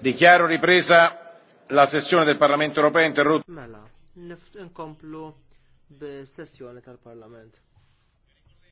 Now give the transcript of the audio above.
Dichiaro ripresa la sessione del Parlamento europeo interrotta. Mela, nkomplu sessjoni tal-Parlament.